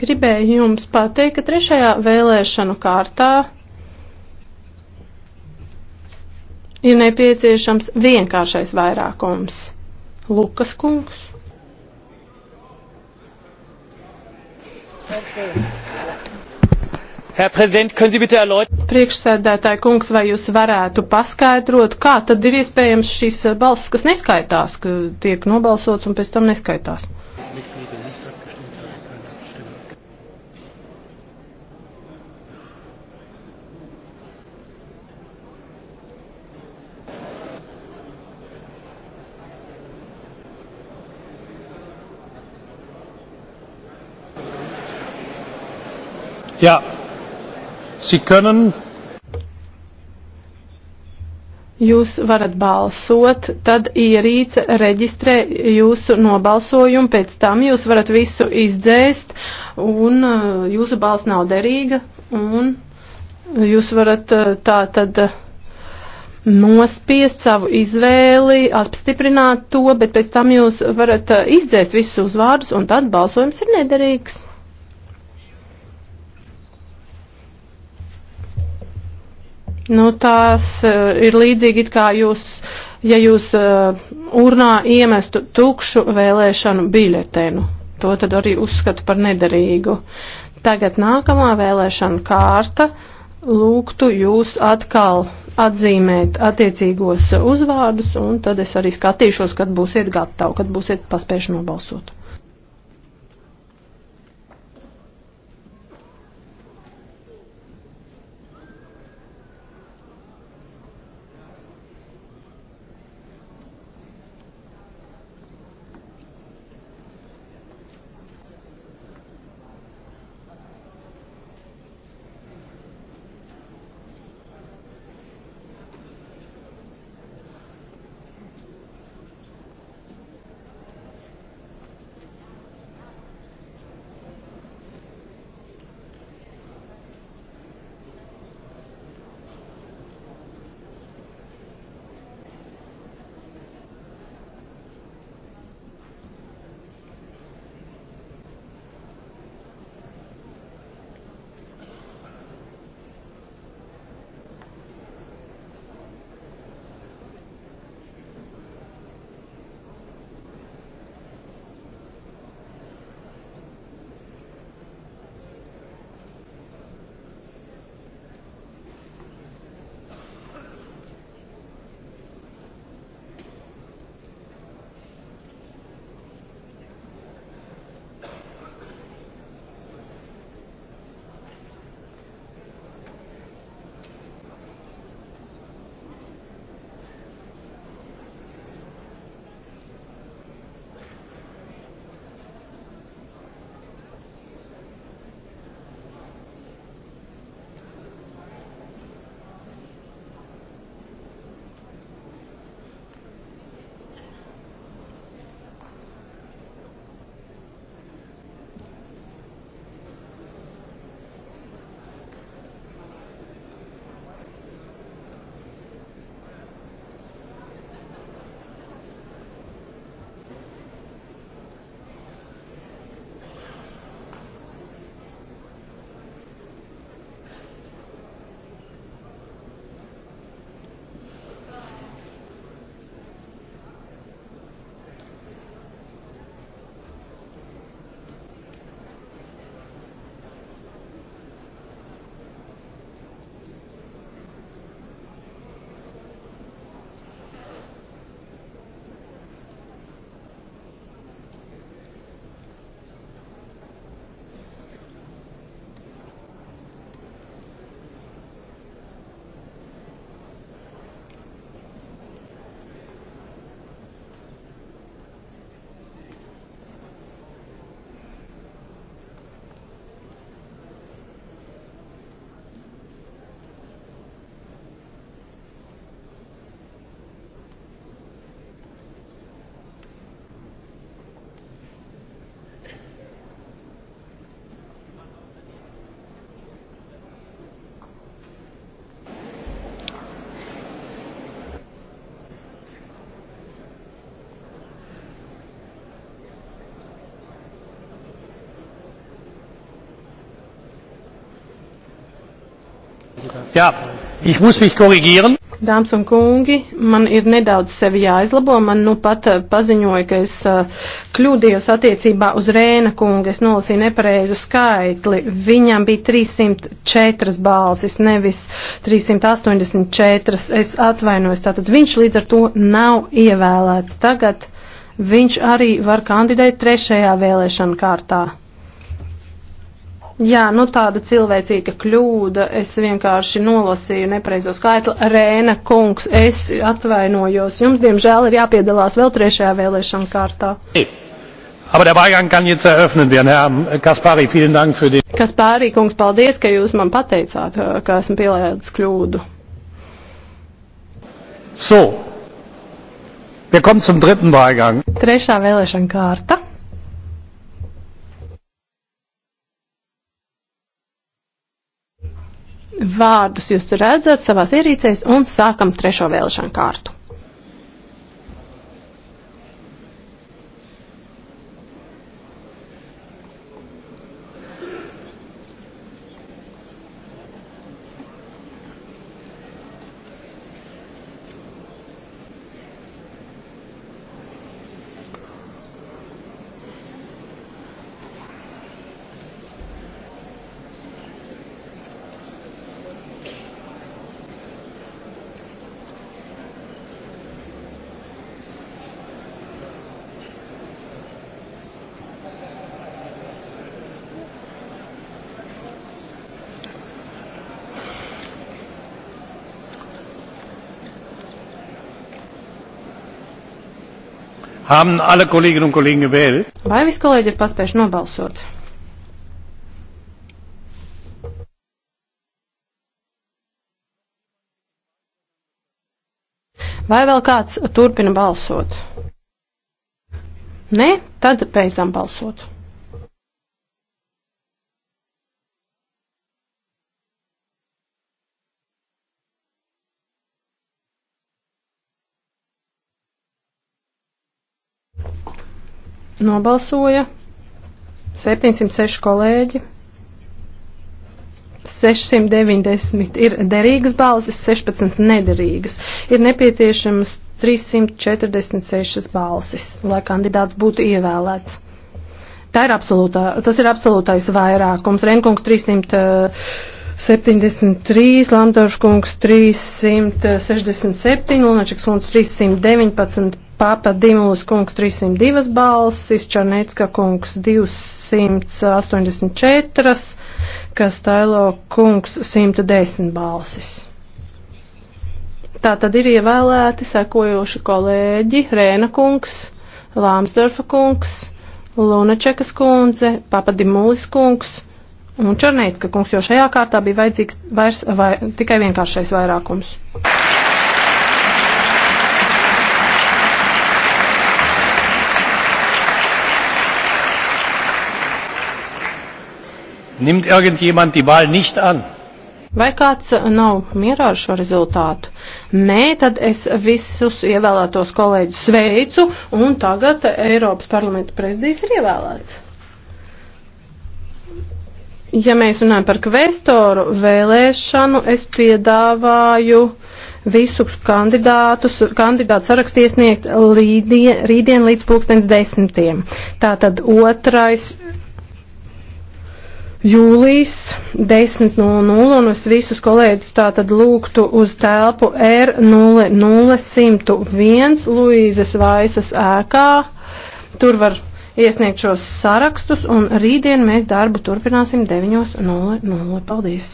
Gribēju jums pateikt, ka trešajā vēlēšanu kārtā ir nepieciešams vienkāršais vairākums. Lukas kungs. Herr Präsident, können Sie bitte erläutern? Priekšsēdētāji kungs, vai jūs varētu paskaidrot, kā tad ir iespējams šīs balss, kas neskaitās, ka tiek nobalsots un pēc tam neskaitās? Ja, Sie können. Jūs varat balsot, tad ierīce reģistrē jūsu nobalsojumu, pēc tam jūs varat visu izdzēst, un uh, jūsu balss nav derīga, un jūs varat uh, tā tad uh, nospiest savu izvēli, apstiprināt to, bet pēc tam jūs varat izdzēst visus uzvārdus, un tad balsojums ir nederīgs. Nu, tās uh, ir līdzīgi it kā jūs, ja jūs uh, urnā iemestu tukšu vēlēšanu biļetenu. To tad arī uzskatu par nederīgu. Tagad nākamā vēlēšana kārta lūgtu jūs atkal atzīmēt attiecīgos uzvārdus, un tad es arī skatīšos, kad būsiet gatavi, kad būsiet paspējuši nobalsot. Jā, ich muss mich korrigieren. Dāmas un kungi, man ir nedaudz sevi jāizlabo. Man nu pat eh, paziņoja, ka es eh, kļūdījos attiecībā uz Rēna kungu. Es nolasīju nepareizu skaitli. Viņam bija 304 balsis, nevis 384. Es atvainojos. Tātad viņš līdz ar to nav ievēlēts. Tagad viņš arī var kandidēt trešajā vēlēšana kārtā. Jā, nu tāda cilvēcīga kļūda. Es vienkārši nolasīju nepareizo skaitli. Rēna kungs, es atvainojos. Jums, diemžēl, ir jāpiedalās vēl trešajā vēlēšana kārtā. Aber der Wahlgang kann jetzt eröffnet werden. Herr Kaspari, vielen Dank für den. Kaspari, kungs, paldies, ka jūs man pateicāt, eh, ka esmu pielēdis kļūdu. So. Wir kommen zum dritten Wahlgang. Trešā vēlēšana kārta. vārdus jūs redzat savās ierīcēs un sākam trešo vēlēšanu kārtu. Haben alle Kolleginnen un Kollegen gewählt? Vai visi kolēģi ir paspējuši nobalsot? Vai vēl kāds turpina balsot? Nē, tad beidzam balsot. Nobalsoja 706 kolēģi. 690 ir derīgas balsis, 16 nederīgas. Ir nepieciešamas 346 balsis, lai kandidāts būtu ievēlēts. Tā ir absolūtā, tas ir absolūtais vairākums. Renkungs 373, Lamdorškungs 367, Lunačiks Lunds 319 Pāpa Dimūs kungs 302 balsis, Čarnecka kungs 284, Kastailo kungs 110 balsis. Tā tad ir ievēlēti sekojoši kolēģi Rēna kungs, Lāmsdorfa kungs, Lunačekas kundze, Papadimūlis kungs un Čarnecka kungs, jo šajā kārtā bija vajadzīgs vairs, vai, tikai vienkāršais vairākums. Nimmt irgendjemand die Wahl nicht an? Vai kāds uh, nav mierā ar šo rezultātu? Nē, tad es visus ievēlētos kolēģus sveicu, un tagad Eiropas parlamenta prezidijs ir ievēlēts. Ja mēs runājam par kvestoru vēlēšanu, es piedāvāju visus kandidātus, kandidātu sarakstu iesniegt līdien, rītdien līdz pulkstens desmitiem. Tātad otrais jūlijas 10.00 un es visus kolēģus tātad lūgtu uz telpu R00101 Luīzes Vaisas ēkā. Tur var iesniegt šos sarakstus un rītdien mēs darbu turpināsim 9.00. Paldies!